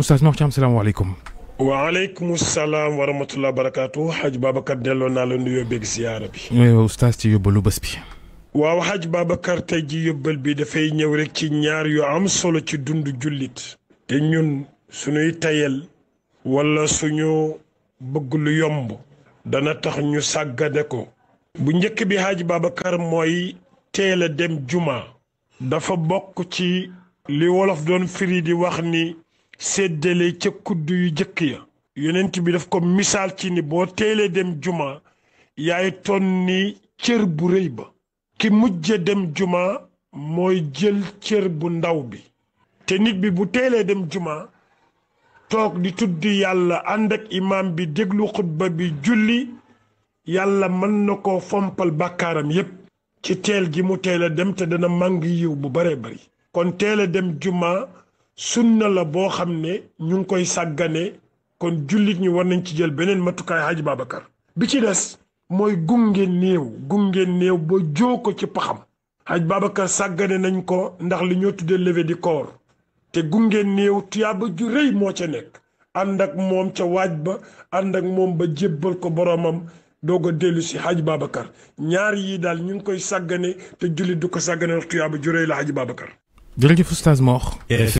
oustaz salaamaaleykum. waaleykum salaam wa rahmatulah barakaatu Hadj Babacar delloo naa la nuyoo beeg ziyaara bi. waaw eh, oustaz ci yóbbalu bi. ji yóbbal bi dafay ñëw rek ci ñaar yu am solo ci dund jullit. te ñun suñuy tayel. walla suñu bëgg lu yomb. dana tax ñu sàggade ko. bu njëkk bi Hadj Babacar mooy teel a dem juma. dafa bokk ci li wolof doon firi di wax ni. séddale ca kuddu yu jëkk ya yonent bi def ko misaal ci ni boo teelee dem juma yaay ton ni cër bu rëy ba ki mujje dem juma mooy jël cër bu ndaw bi te nit bi bu teelee dem juma toog di tudd yàlla ànd imaam bi déglu xutba bi julli yàlla mën na ko fompal bàkkaaram yépp ci teel gi mu teela dem te dana màng yiw bu bare bari kon teel dem juma sunna la boo xam ne ñu ngi koy sàggane kon jullit ñi war nañ ci jël beneen matukaay Haji Babacar bi ci des mooy gunge néew gunge néew ba joo ko ci paxam Haji Babacar sàggane nañ ko ndax li ñoo tuddee levée du corps te gunge néew tuyaaba ju rëy moo ca nekk ànd ak moom ca waaj ba ànd ak moom ba jébbal ko boroomam doog a dellu si Haji Babacar ñaar yii daal ñu ngi koy sàggane te jullit du ko sàggane ndax tuyaaba ju rëy la Haji Babacar jërëjëf Oustaz